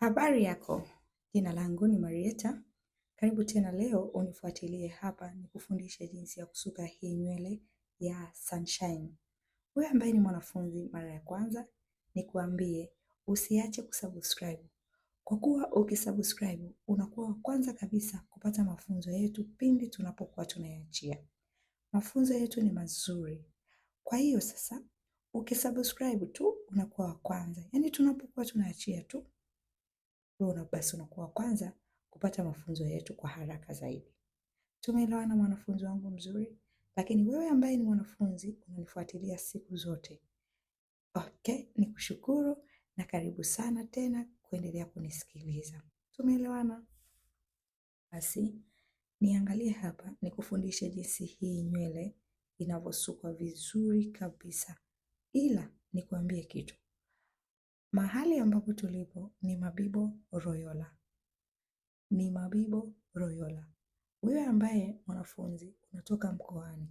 Habari yako, jina langu ni Marieta. Karibu tena leo unifuatilie hapa nikufundishe jinsi ya kusuka hii nywele ya sunshine. Wewe ambaye ni mwanafunzi mara ya kwanza, nikuambie usiache kusubscribe. Kwa kuwa ukisubscribe unakuwa wa kwanza kabisa kupata mafunzo yetu pindi tunapokuwa tunayachia. Mafunzo yetu ni mazuri. Kwa hiyo sasa ukisubscribe tu unakuwa wa kwanza, yaani tunapokuwa tunayachia tu hivyo basi unakuwa kwanza kupata mafunzo yetu kwa haraka zaidi. Tumeelewana mwanafunzi wangu mzuri? Lakini wewe ambaye ni mwanafunzi unanifuatilia siku zote, okay, ni kushukuru na karibu sana tena kuendelea kunisikiliza. Tumeelewana? Basi niangalie hapa, nikufundishe jinsi hii nywele inavyosukwa vizuri kabisa, ila nikuambie kitu, Mahali ambapo tulipo ni Mabibo Royola, ni Mabibo Royola. Wewe ambaye mwanafunzi unatoka mkoani,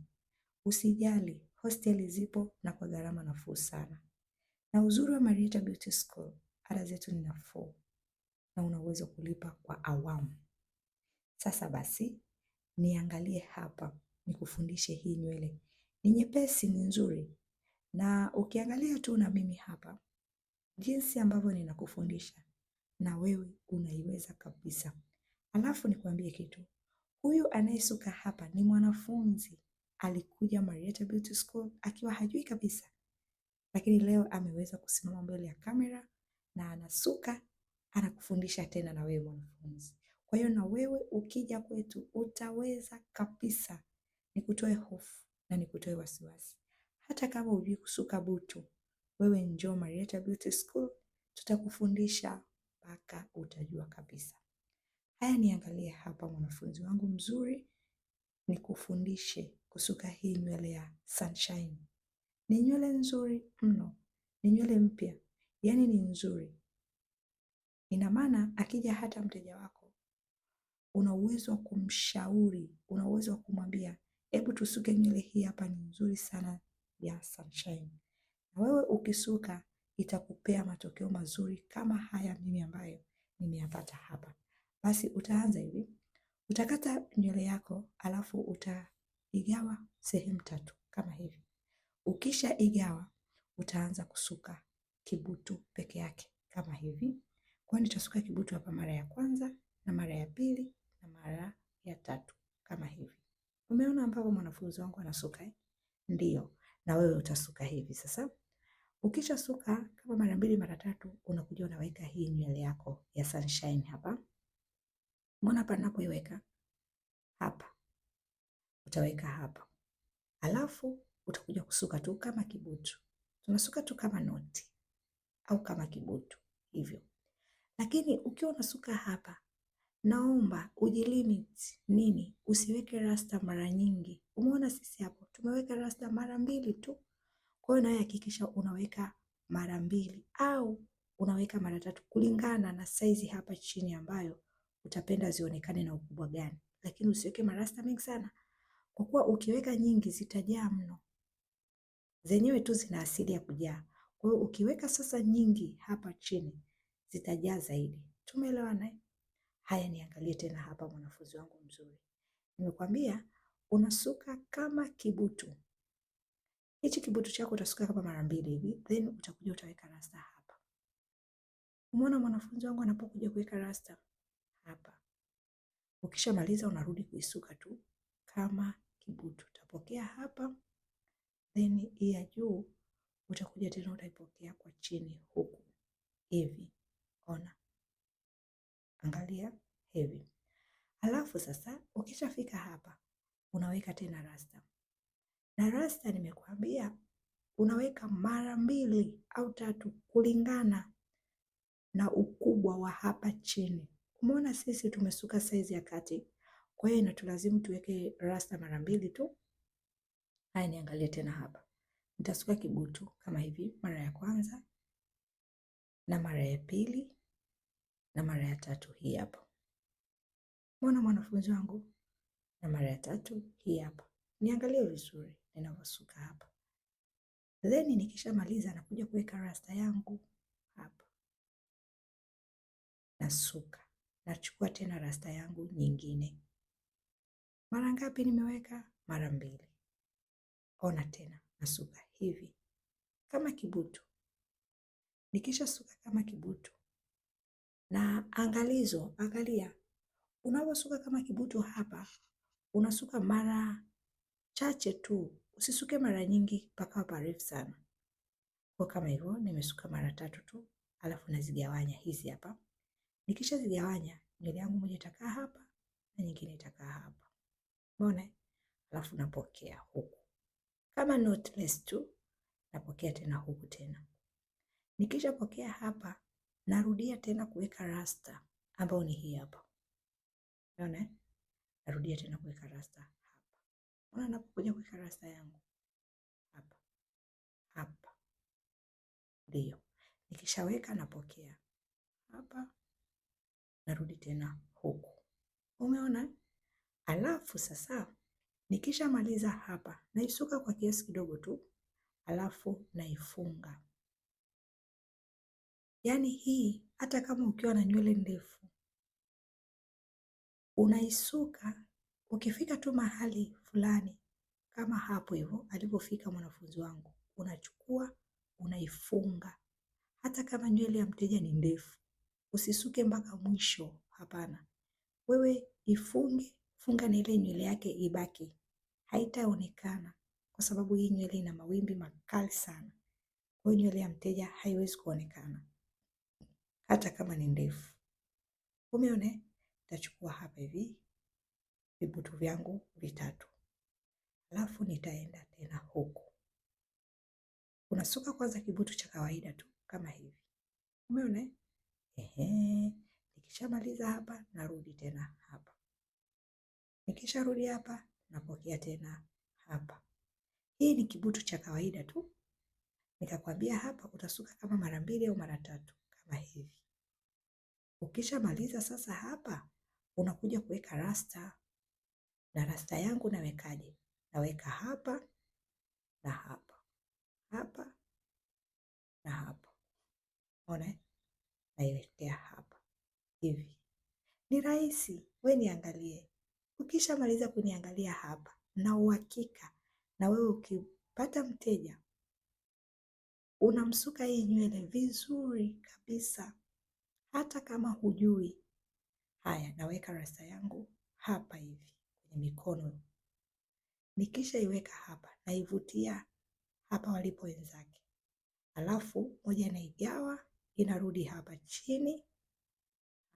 usijali, hosteli zipo na kwa gharama nafuu sana, na uzuri wa Marieta Beauty School, ada zetu ni nafuu na unaweza kulipa kwa awamu. Sasa basi, niangalie hapa, nikufundishe hii nywele. Ni nyepesi, ni nzuri, na ukiangalia tu na mimi hapa jinsi ambavyo ninakufundisha na wewe unaiweza kabisa. Alafu nikwambie kitu, huyu anayesuka hapa ni mwanafunzi, alikuja Marieta Beauty School akiwa hajui kabisa, lakini leo ameweza kusimama mbele ya kamera na anasuka, anakufundisha tena na wewe mwanafunzi. Kwa hiyo na wewe ukija kwetu utaweza kabisa, nikutoe hofu na nikutoe wasiwasi. Hata kama hujui kusuka butu, wewe njoo Marietha Beauty School, tutakufundisha mpaka utajua kabisa. Haya, niangalie hapa, mwanafunzi wangu mzuri, nikufundishe kusuka hii nywele ya sunshine. Ni nywele nzuri mno, ni nywele mpya, yaani ni nzuri. Ina maana akija hata mteja wako una uwezo wa kumshauri, una uwezo wa kumwambia hebu tusuke nywele hii hapa, ni nzuri sana ya sunshine wewe ukisuka itakupea matokeo mazuri kama haya mimi ambayo nimeyapata hapa. Basi utaanza hivi, utakata nywele yako alafu utaigawa sehemu tatu kama hivi. Ukisha igawa utaanza kusuka kibutu peke yake kama hivi. Kwa nitasuka kibutu hapa mara ya kwanza na mara ya pili na mara ya tatu kama hivi. Umeona ambavyo mwanafunzi wangu anasuka eh? Ndio, na wewe utasuka hivi sasa. Ukisha suka kama mara mbili mara tatu, unakuja unaweka hii nywele yako ya sunshine hapa. Mbona hapa ninapoiweka hapa, utaweka hapa, alafu utakuja kusuka tu kama kibutu. Tunasuka tu kama noti au kama kibutu hivyo, lakini ukiwa unasuka hapa naomba ujilimit nini, usiweke rasta mara nyingi. Umeona sisi hapo tumeweka rasta mara mbili tu, kwa hiyo nawe hakikisha unaweka mara mbili au unaweka mara tatu kulingana na saizi hapa chini ambayo utapenda zionekane na ukubwa gani, lakini usiweke marasta mengi sana, kwa kuwa ukiweka nyingi zitajaa mno, zenyewe tu zina asili ya kujaa. Kwa hiyo ukiweka sasa nyingi hapa chini zitajaa zaidi. Tumeelewana? Eh? Haya, niangalie tena hapa, mwanafunzi wangu mzuri, nimekwambia unasuka kama kibutu Hichi kibutu chako utasuka kama mara mbili hivi, then utakuja utaweka rasta hapa. Umeona mwanafunzi wangu anapokuja kuweka rasta hapa. Ukishamaliza unarudi kuisuka tu kama kibutu. Utapokea hapa, then hii ya juu utakuja tena utaipokea kwa chini huku hivi. Ona, angalia hivi. Alafu sasa ukishafika hapa unaweka tena rasta na rasta, nimekuambia unaweka mara mbili au tatu kulingana na ukubwa wa hapa chini. Umeona sisi tumesuka saizi ya kati, kwa hiyo inatulazimu tuweke rasta mara mbili tu. Haya, niangalie tena hapa, nitasuka kibutu kama hivi, mara ya kwanza na mara ya pili na mara ya tatu, hii hapa. Mbona mwanafunzi wangu? Na mara ya tatu hii hapa niangalie vizuri ninavyosuka hapa, then nikishamaliza nakuja kuweka rasta yangu hapa, nasuka, nachukua tena rasta yangu nyingine. Mara ngapi nimeweka? Mara mbili. Ona tena, nasuka hivi kama kibutu. Nikishasuka kama kibutu, na angalizo, angalia unavyosuka kama kibutu hapa, unasuka mara chache tu, usisuke mara nyingi mpaka parefu sana. Kwa kama hivyo nimesuka mara tatu tu, alafu nazigawanya hizi hapa. Nikisha zigawanya nywele yangu moja itakaa hapa na nyingine itakaa hapa, umeona? Alafu napokea huku kama knotless tu, napokea tena huku tena. Nikisha pokea hapa, narudia tena kuweka rasta ambayo ni hii hapa, umeona? Narudia tena kuweka rasta Ona napokuja kuweka rasta yangu hapa hapa, ndio nikishaweka napokea hapa, narudi tena huku. Umeona? Alafu sasa nikishamaliza hapa, naisuka kwa kiasi kidogo tu, alafu naifunga. Yaani hii hata kama ukiwa na nywele ndefu unaisuka, ukifika tu mahali fulani kama hapo hivyo alipofika mwanafunzi wangu, unachukua unaifunga. Hata kama nywele ya mteja ni ndefu, usisuke mpaka mwisho, hapana. Wewe ifunge, funga na ile nywele yake ibaki, haitaonekana kwa sababu hii nywele ina mawimbi makali sana. Kwa hiyo nywele ya mteja haiwezi kuonekana hata kama ni ndefu. Umeone? Tachukua hapa hivi vibutu vyangu vitatu alafu nitaenda tena huku. Unasuka kwanza kibutu cha kawaida tu kama hivi, umeona? Ehe, nikishamaliza hapa narudi tena hapa, nikisharudi hapa napokea tena hapa. Hii ni kibutu cha kawaida tu, nikakwambia hapa utasuka kama mara mbili au mara tatu kama hivi. Ukishamaliza sasa hapa unakuja kuweka rasta. Na rasta yangu nawekaje? Naweka hapa na hapa, hapa na hapa, ona naiwekea hapa hivi. Ni rahisi, we niangalie. Ukishamaliza kuniangalia hapa, na uhakika na wewe ukipata mteja unamsuka hii nywele vizuri kabisa, hata kama hujui. Haya, naweka rasta yangu hapa hivi kwenye mikono Nikishaiweka hapa naivutia hapa walipo wenzake, alafu moja naigawa inarudi hapa chini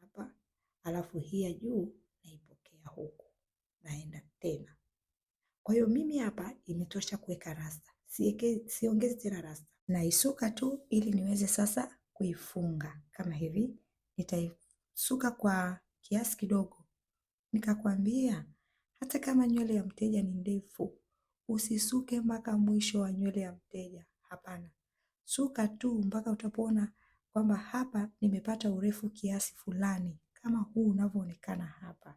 hapa, alafu hii ya juu naipokea huku, naenda tena. Kwa hiyo mimi hapa imetosha kuweka rasta, siongezi tena rasta, naisuka tu ili niweze sasa kuifunga kama hivi. Nitaisuka kwa kiasi kidogo, nikakwambia hata kama nywele ya mteja ni ndefu, usisuke mpaka mwisho wa nywele ya mteja. Hapana, suka tu mpaka utapoona kwamba hapa nimepata urefu kiasi fulani, kama huu unavyoonekana hapa.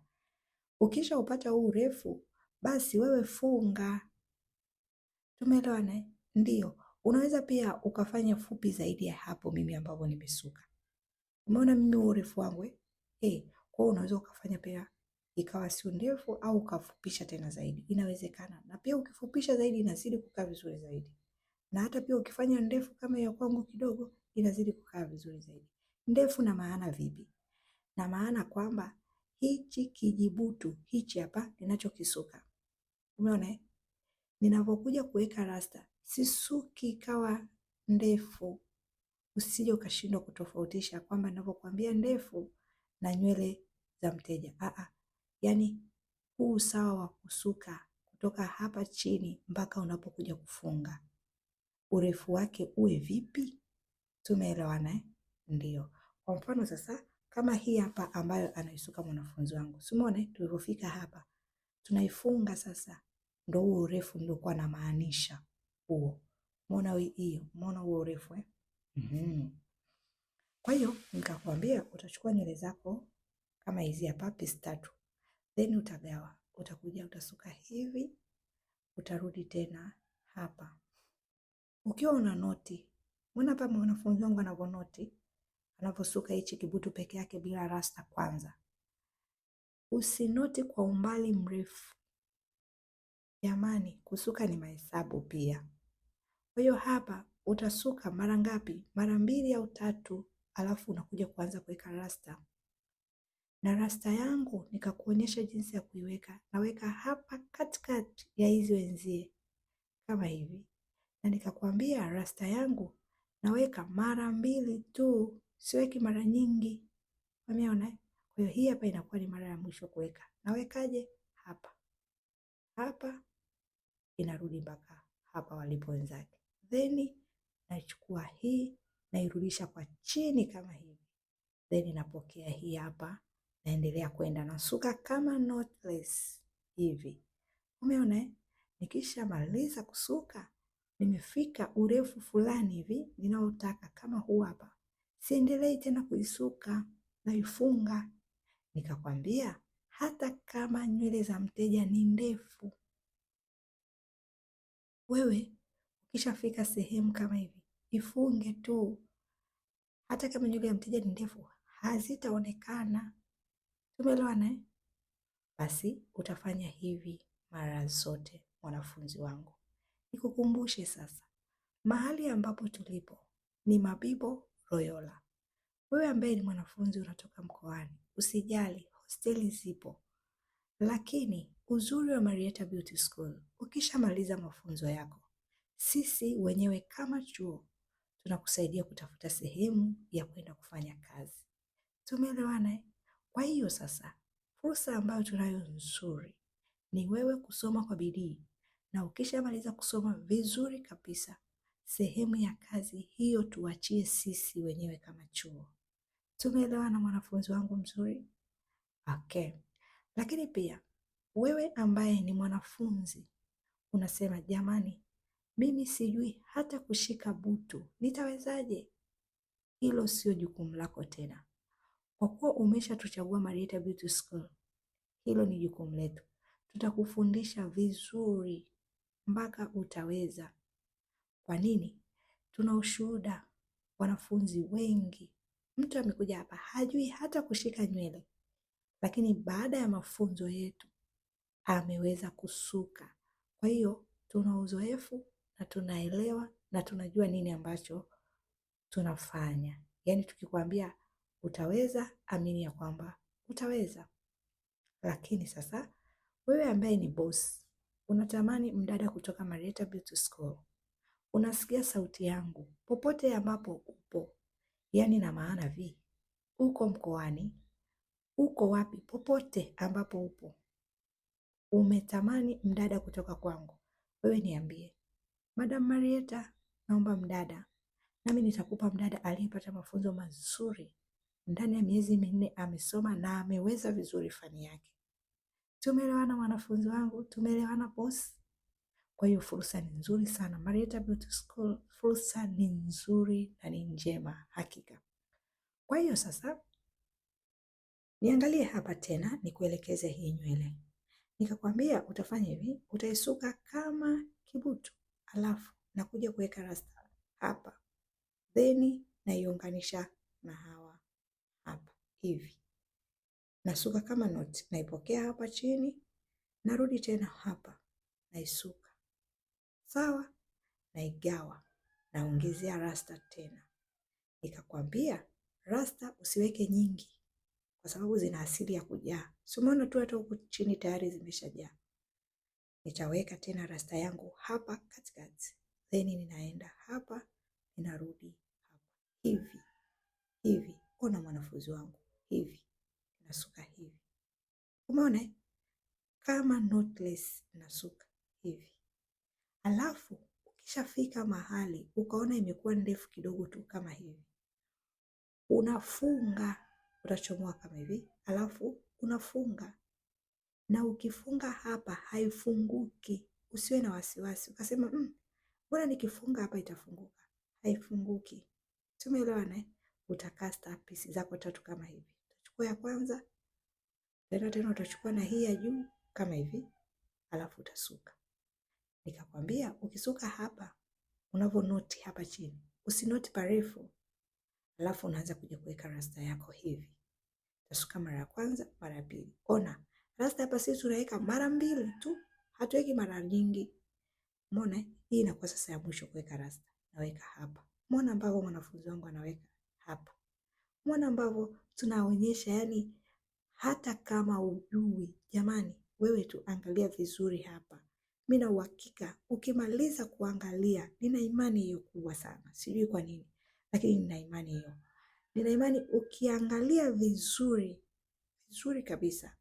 Ukisha upata huu urefu, basi wewe funga. Tumeelewana eh? ndio unaweza pia ukafanya fupi zaidi ya hapo, mimi ambavyo nimesuka. Umeona mimi urefu wangu eh? Hey, eh, kwa unaweza ukafanya pia ikawa sio ndefu au ukafupisha tena zaidi, inawezekana. Na pia ukifupisha zaidi inazidi kukaa vizuri zaidi, na hata pia ukifanya ndefu kama ya kwangu kidogo, inazidi kukaa vizuri zaidi. Ndefu na maana vipi? Na maana kwamba hichi kijibutu hichi hapa ninachokisuka, umeona eh? Ninavyokuja kuweka rasta sisuki ikawa ndefu, usije ukashindwa kutofautisha kwamba ninavyokuambia ndefu na nywele za mteja. Aa, yani huu usawa wa kusuka kutoka hapa chini mpaka unapokuja kufunga urefu wake uwe vipi? Tumeelewana eh? Ndio. Kwa mfano sasa, kama hii hapa ambayo anaisuka mwanafunzi wangu, simone eh? tulivyofika hapa, tunaifunga sasa, ndo huo urefu niliokuwa na maanisha huo. Mona hiyo, mona huo urefu eh? Mm-hmm. Kwa hiyo nikakwambia utachukua nywele zako kama hizi hapa pisi tatu then utagawa, utakuja utasuka hivi, utarudi tena hapa. Ukiwa una noti, mbona hapa mwanafunzi wangu anavyonoti, anavyosuka hichi kibutu peke yake bila rasta. Kwanza usinoti kwa umbali mrefu jamani, kusuka ni mahesabu pia. Kwa hiyo hapa utasuka mara ngapi? Mara mbili au tatu, alafu unakuja kuanza kuweka rasta na rasta yangu nikakuonyesha jinsi ya kuiweka, naweka hapa katikati ya hizi wenzie kama hivi, na nikakwambia rasta yangu naweka mara mbili tu, siweki mara nyingi. Umeona? Kwa hiyo hii hapa inakuwa ni mara ya mwisho kuweka. Nawekaje? Hapa hapa, inarudi mpaka hapa walipo wenzake, then nachukua hii nairudisha kwa chini kama hivi, then napokea hii hapa naendelea kwenda nasuka kama knotless hivi. Umeona eh? Nikishamaliza kusuka nimefika urefu fulani hivi ninaotaka kama huu hapa, siendelei tena kuisuka, naifunga. Nikakwambia hata kama nywele za mteja ni ndefu, wewe ukishafika sehemu kama hivi ifunge tu. Hata kama nywele ya mteja ni ndefu hazitaonekana. Tumeelewana? Eh? Basi utafanya hivi mara zote, mwanafunzi wangu. Nikukumbushe sasa, mahali ambapo tulipo ni Mabibo Royola. Wewe ambaye ni mwanafunzi unatoka mkoani, usijali, hosteli zipo. Lakini uzuri wa marietta Beauty School, ukishamaliza mafunzo yako, sisi wenyewe kama chuo tunakusaidia kutafuta sehemu ya kwenda kufanya kazi. Tumeelewana eh? Kwa hiyo sasa, fursa ambayo tunayo nzuri ni wewe kusoma kwa bidii, na ukishamaliza kusoma vizuri kabisa, sehemu ya kazi hiyo tuachie sisi wenyewe kama chuo. tumeelewa na mwanafunzi wangu mzuri? Okay. Lakini pia wewe ambaye ni mwanafunzi unasema, jamani, mimi sijui hata kushika butu, nitawezaje? Hilo sio jukumu lako tena. Kwa kuwa umeshatuchagua Marieta Beauty School, hilo ni jukumu letu. Tutakufundisha vizuri mpaka utaweza. Kwa nini? Tuna ushuhuda, wanafunzi wengi, mtu amekuja hapa hajui hata kushika nywele, lakini baada ya mafunzo yetu ameweza kusuka. Kwa hiyo tuna uzoefu na tunaelewa na tunajua nini ambacho tunafanya. Yaani, tukikwambia Utaweza, amini ya kwamba utaweza. Lakini sasa wewe ambaye ni boss, unatamani mdada kutoka Marieta Beauty School, unasikia sauti yangu popote ambapo upo, yaani na maana vi, uko mkoani, uko wapi, popote ambapo upo, umetamani mdada kutoka kwangu, wewe niambie, Madam Marieta, naomba mdada, nami nitakupa mdada aliyepata mafunzo mazuri ndani ya miezi minne amesoma na ameweza vizuri fani yake. Tumeelewana wanafunzi wangu, tumeelewana boss. Kwa hiyo fursa ni nzuri sana, Marieta Beauty School, fursa ni nzuri na ni njema hakika. Kwa hiyo sasa niangalie hapa tena, nikuelekeze hii nywele nikakwambia utafanya hivi, utaisuka kama kibutu, alafu nakuja kuweka rasta hapa, theni naiunganisha na hawa hivi, nasuka kama noti, naipokea hapa chini, narudi tena hapa, naisuka sawa, naigawa, naongezea rasta tena. Nikakwambia rasta usiweke nyingi, kwa sababu zina asili ya kujaa. Si umeona tu hata huku chini tayari zimeshajaa. Nitaweka tena rasta yangu hapa katikati, then ninaenda hapa, ninarudi hapa, hivi hivi. Ona mwanafunzi wangu hivi, nasuka hivi. Umeona eh? kama knotless nasuka hivi, alafu ukishafika mahali ukaona imekuwa ndefu kidogo tu kama hivi, unafunga, utachomoa kama hivi, alafu unafunga. Na ukifunga hapa haifunguki, usiwe na wasiwasi ukasema hmm, mbona, mm, nikifunga hapa itafunguka. Haifunguki. Tumeelewana? Eh? Utakaa star zako tatu kama hivi yako ya kwanza, tena tena utachukua na hii ya juu kama hivi, alafu utasuka. Nikakwambia ukisuka hapa noti hapa chini, usinoti parefu, alafu unaanza kuja kuweka rasta yako hivi. Utasuka mara ya kwanza, mara ya pili. Ona rasta hapa sisi tunaweka mara mbili tu, hatuweki mara nyingi. Umeona, hii inakuwa sasa ya mwisho kuweka rasta, naweka hapa. Umeona ambavyo mwanafunzi wangu anaweka hapa mwana ambavyo tunaonyesha yani, hata kama ujui jamani, wewe tu angalia vizuri hapa. Mi na uhakika ukimaliza kuangalia, nina imani hiyo kubwa sana, sijui kwa nini, lakini nina imani hiyo, nina imani ukiangalia vizuri vizuri kabisa,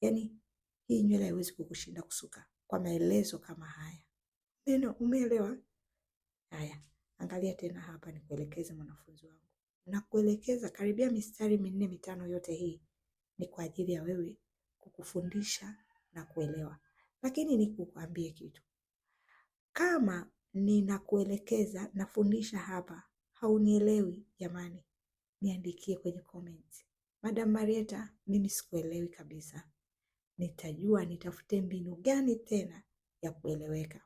yani hii nywele haiwezi kukushinda kusuka, kwa maelezo kama haya. Neno umeelewa? Haya, angalia tena hapa, nikuelekeze mwanafunzi wangu na kuelekeza karibia mistari minne mitano. Yote hii ni kwa ajili ya wewe kukufundisha na kuelewa, lakini nikukwambie kitu, kama ninakuelekeza nafundisha hapa haunielewi, jamani, niandikie kwenye comment, Madam Marietha, mimi sikuelewi kabisa. Nitajua nitafute mbinu gani tena ya kueleweka,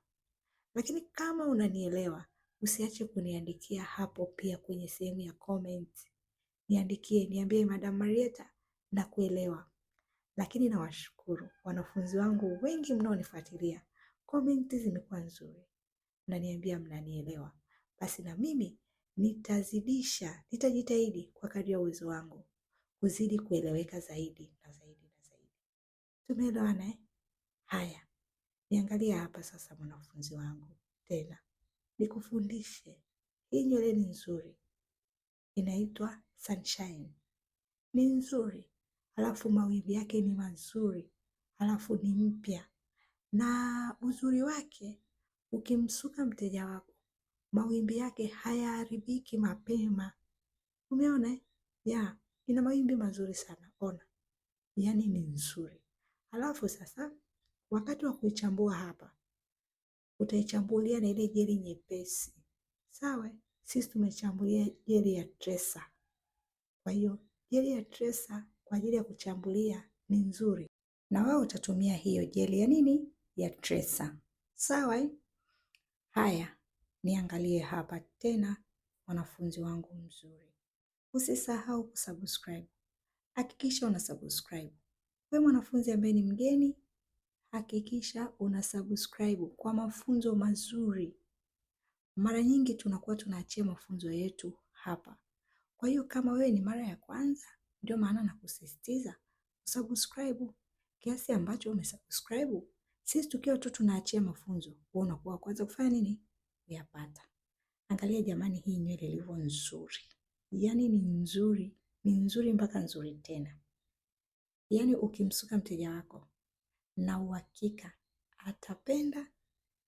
lakini kama unanielewa Usiache kuniandikia hapo pia kwenye sehemu ya comment. Niandikie, niambie Madam Marietha na kuelewa. Lakini nawashukuru wanafunzi wangu wengi mnaonifuatilia. Comment zimekuwa nzuri. Mnaniambia mnanielewa. Basi na mimi nitazidisha, nitajitahidi kwa kadri ya uwezo wangu kuzidi kueleweka zaidi na zaidi na zaidi. Tumeelewana eh? Haya. Niangalia hapa sasa mwanafunzi wangu tena nikufundishe, hii nywele ni nzuri, inaitwa sunshine, ni nzuri, alafu mawimbi yake ni mazuri, halafu ni mpya na uzuri wake ukimsuka mteja wako mawimbi yake hayaharibiki mapema. Umeona ya ina mawimbi mazuri sana, ona, yaani ni nzuri. alafu sasa, wakati wa kuichambua hapa, utaichambulia na ile jeli nyepesi sawa. Sisi tumechambulia jeli ya tresa, kwa hiyo jeli ya tresa kwa ajili ya kuchambulia ni nzuri, na wewe utatumia hiyo jeli ya nini ya tresa sawa. Eh? Haya, niangalie hapa tena, wanafunzi wangu mzuri, usisahau kusubscribe. Hakikisha una subscribe. Wewe mwanafunzi ambaye ni mgeni hakikisha una subscribe kwa mafunzo mazuri. Mara nyingi tunakuwa tunaachia mafunzo yetu hapa. Kwa hiyo kama wewe ni mara ya kwanza, ndio maana nakusisitiza subscribe kiasi ambacho umesubscribe. Sisi tukiwa tu tunaachia mafunzo, wewe unakuwa kwanza kufanya nini? Kuyapata. Angalia jamani, hii nywele ilivyo nzuri, yaani ni nzuri, ni nzuri mpaka nzuri tena. Yaani ukimsuka mteja wako na uhakika atapenda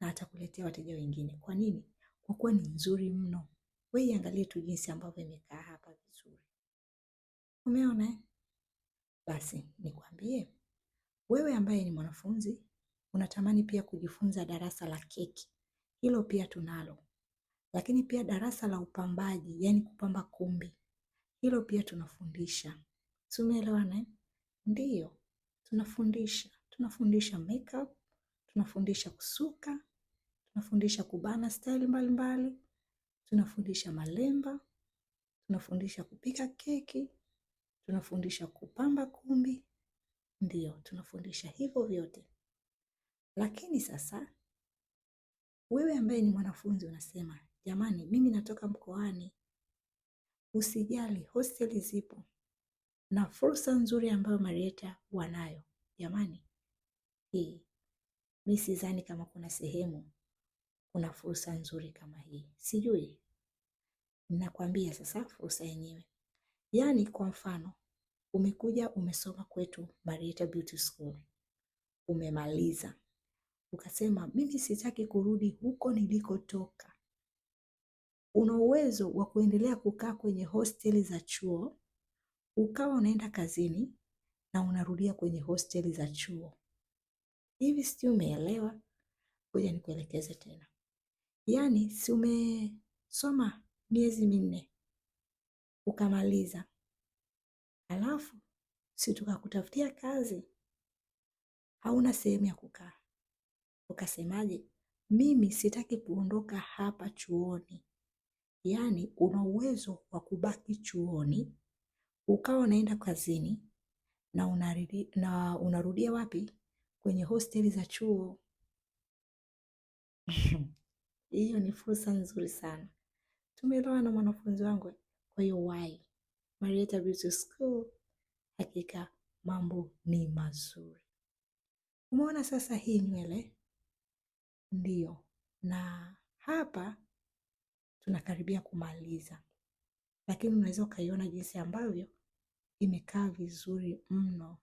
na atakuletea wateja wengine. Kwa nini? Kwa kuwa ni nzuri mno. Wewe iangalie tu jinsi ambavyo imekaa hapa vizuri. Umeona eh? Basi nikwambie wewe ambaye ni mwanafunzi unatamani pia kujifunza darasa la keki, hilo pia tunalo, lakini pia darasa la upambaji, yaani kupamba kumbi, hilo pia tunafundisha. Tumeelewana ndio eh? Ndiyo, tunafundisha tunafundisha makeup, tunafundisha kusuka, tunafundisha kubana style mbalimbali, tunafundisha malemba, tunafundisha kupika keki, tunafundisha kupamba kumbi, ndio tunafundisha hivyo vyote. Lakini sasa wewe ambaye ni mwanafunzi unasema, jamani, mimi natoka mkoani. Usijali, hosteli zipo na fursa nzuri ambayo Marieta wanayo. Jamani, hii. Mi sizani kama kuna sehemu kuna fursa nzuri kama hii, sijui. Nakwambia sasa fursa yenyewe, yaani kwa mfano umekuja umesoma kwetu Marieta Beauty School, umemaliza ukasema mimi sitaki kurudi huko nilikotoka. Una uwezo wa kuendelea kukaa kwenye hosteli za chuo, ukawa unaenda kazini na unarudia kwenye hosteli za chuo hivi si umeelewa? Ngoja nikuelekeze tena. Yaani si umesoma miezi minne ukamaliza, alafu si tukakutafutia kazi, hauna sehemu ya kukaa, ukasemaje, mimi sitaki kuondoka hapa chuoni. Yaani una uwezo wa kubaki chuoni ukawa unaenda kazini na, na unarudia wapi kwenye hosteli za chuo. Hiyo ni fursa nzuri sana. Tumeloa na mwanafunzi wangu, kwa hiyo wai Marietha Beauty School, hakika mambo ni mazuri. Umeona sasa hii nywele ndiyo, na hapa tunakaribia kumaliza, lakini unaweza ukaiona jinsi ambavyo imekaa vizuri mno.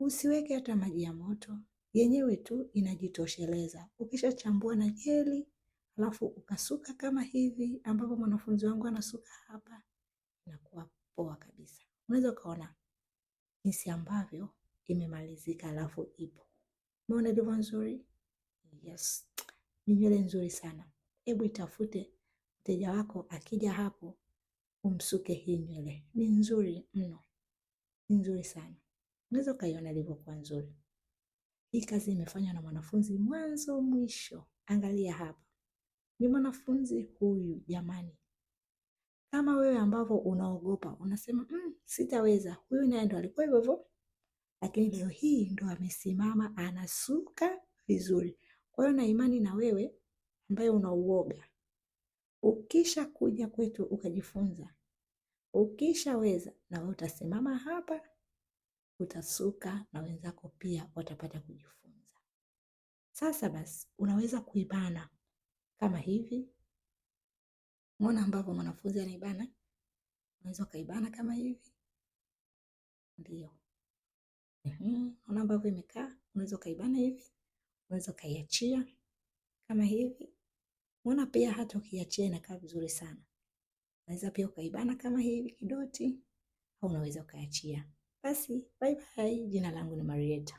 Usiweke hata maji ya moto, yenyewe tu inajitosheleza. Ukishachambua na jeli, alafu ukasuka kama hivi ambapo mwanafunzi wangu anasuka hapa, inakuwa poa kabisa. Unaweza ukaona jinsi ambavyo imemalizika, alafu ipo. Umeona ilivyo nzuri? Yes, ni nywele nzuri sana. Hebu itafute mteja wako akija hapo, umsuke hii nywele. Ni nzuri mno, ni nzuri sana. Unaweza ukaiona ilivyokuwa nzuri. Hii kazi imefanywa na mwanafunzi mwanzo mwisho. Angalia hapa, ni mwanafunzi huyu jamani. Kama wewe ambavyo unaogopa unasema mm, sitaweza, huyu naye ndo alikuwa hivyo hivyo, lakini leo hii ndo amesimama anasuka vizuri. Kwa hiyo na imani na wewe ambaye unauoga, ukisha kuja kwetu ukajifunza, ukishaweza na wewe utasimama hapa utasuka na wenzako pia watapata kujifunza. Sasa basi, unaweza kuibana kama hivi. Mwona ambavyo mwanafunzi anaibana, unaweza ukaibana kama hivi, ndio mhm, ona ambavyo imekaa. Unaweza ukaibana hivi, unaweza ukaiachia kama hivi. Mwona pia hata ukiachia inakaa vizuri sana. Unaweza pia ukaibana kama hivi kidoti, au unaweza ukaachia basi bye bye, jina langu ni marieta